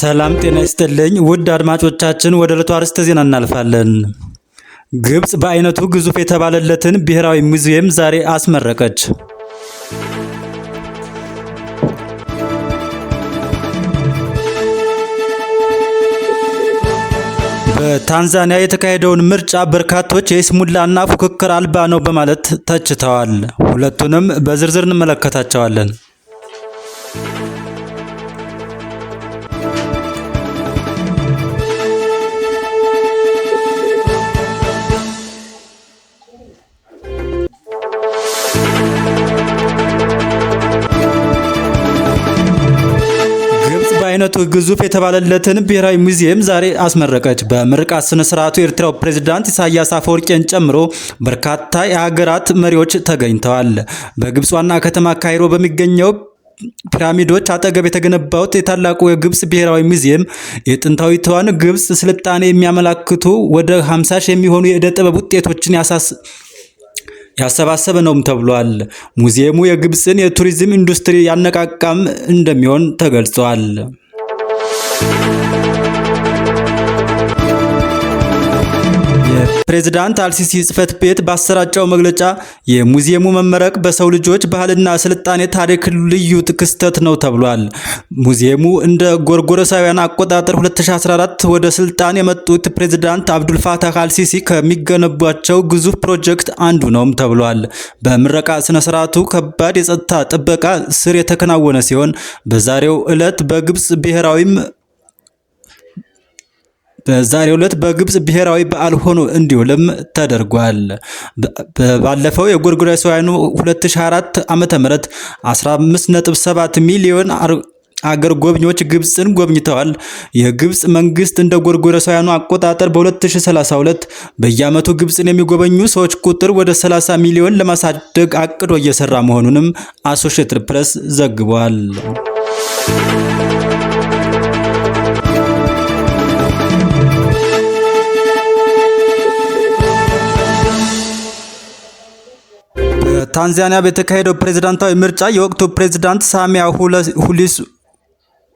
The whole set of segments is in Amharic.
ሰላም ጤና ይስጥልኝ ውድ አድማጮቻችን፣ ወደ ዕለቱ አርዕስተ ዜና እናልፋለን። ግብፅ በአይነቱ ግዙፍ የተባለለትን ብሔራዊ ሙዚየም ዛሬ አስመረቀች። በታንዛኒያ የተካሄደውን ምርጫ በርካቶች የይስሙላና ፉክክር አልባ ነው በማለት ተችተዋል። ሁለቱንም በዝርዝር እንመለከታቸዋለን። ግዙፍ የተባለለትን ብሔራዊ ሙዚየም ዛሬ አስመረቀች። በምርቃት ስነ ስርዓቱ የኤርትራው ፕሬዝዳንት ኢሳያስ አፈወርቄን ጨምሮ በርካታ የሀገራት መሪዎች ተገኝተዋል። በግብፅ ዋና ከተማ ካይሮ በሚገኘው ፒራሚዶች አጠገብ የተገነባውት የታላቁ የግብፅ ብሔራዊ ሙዚየም የጥንታዊቷን ግብፅ ስልጣኔ የሚያመላክቱ ወደ 50 ሺህ የሚሆኑ የዕደ ጥበብ ውጤቶችን ያሳስ ያሰባሰበ ነውም ተብሏል። ሙዚየሙ የግብፅን የቱሪዝም ኢንዱስትሪ ያነቃቃም እንደሚሆን ተገልጿል። ፕሬዚዳንት አልሲሲ ጽህፈት ቤት ባሰራጨው መግለጫ የሙዚየሙ መመረቅ በሰው ልጆች ባህልና ስልጣኔ ታሪክ ልዩ ክስተት ነው ተብሏል። ሙዚየሙ እንደ ጎርጎረሳውያን አቆጣጠር 2014 ወደ ስልጣን የመጡት ፕሬዚዳንት አብዱልፋታህ አልሲሲ ከሚገነቧቸው ግዙፍ ፕሮጀክት አንዱ ነውም ተብሏል። በምረቃ ስነስርዓቱ ከባድ የጸጥታ ጥበቃ ስር የተከናወነ ሲሆን በዛሬው ዕለት በግብፅ ብሔራዊም በዛሬው ዕለት በግብፅ ብሔራዊ በዓል ሆኖ እንዲውልም ተደርጓል። ባለፈው የጎርጎሮሳውያኑ 2024 ዓመተ ምህረት 15.7 ሚሊዮን አገር ጎብኚዎች ግብፅን ጎብኝተዋል። የግብፅ መንግስት እንደ ጎርጎሮሳውያኑ አቆጣጠር በ2032 በየዓመቱ ግብፅን የሚጎበኙ ሰዎች ቁጥር ወደ 30 ሚሊዮን ለማሳደግ አቅዶ እየሰራ መሆኑንም አሶሼትድ ፕሬስ ዘግቧል። በታንዛኒያ በተካሄደው ፕሬዝዳንታዊ ምርጫ የወቅቱ ፕሬዝዳንት ሳሚያ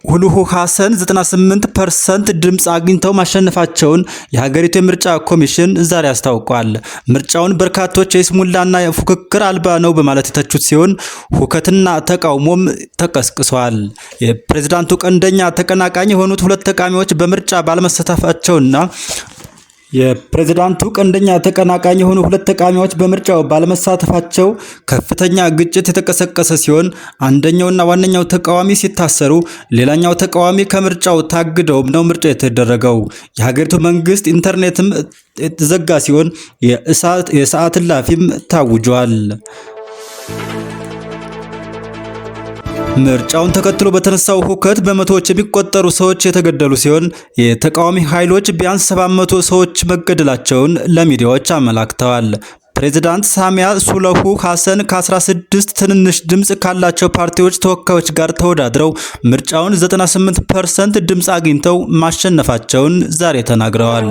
ሁሉሁ ሐሰን 98 ፐርሰንት ድምፅ አግኝተው ማሸነፋቸውን የሀገሪቱ የምርጫ ኮሚሽን ዛሬ አስታውቋል። ምርጫውን በርካቶች የስሙላና ፉክክር አልባ ነው በማለት የተቹት ሲሆን ሁከትና ተቃውሞም ተቀስቅሷል። የፕሬዝዳንቱ ቀንደኛ ተቀናቃኝ የሆኑት ሁለት ተቃሚዎች በምርጫ ባለመሳተፋቸውና የፕሬዝዳንቱ ቀንደኛ ተቀናቃኝ የሆኑ ሁለት ተቃዋሚዎች በምርጫው ባለመሳተፋቸው ከፍተኛ ግጭት የተቀሰቀሰ ሲሆን አንደኛውና ዋነኛው ተቃዋሚ ሲታሰሩ፣ ሌላኛው ተቃዋሚ ከምርጫው ታግደውም ነው ምርጫው የተደረገው። የሀገሪቱ መንግስት ኢንተርኔትም የተዘጋ ሲሆን የሰዓት እላፊም ታውጇል። ምርጫውን ተከትሎ በተነሳው ሁከት በመቶዎች የሚቆጠሩ ሰዎች የተገደሉ ሲሆን የተቃዋሚ ኃይሎች ቢያንስ 700 ሰዎች መገደላቸውን ለሚዲያዎች አመላክተዋል። ፕሬዚዳንት ሳሚያ ሱለሁ ሐሰን ከ16 ትንንሽ ድምፅ ካላቸው ፓርቲዎች ተወካዮች ጋር ተወዳድረው ምርጫውን 98 ፐርሰንት ድምፅ አግኝተው ማሸነፋቸውን ዛሬ ተናግረዋል።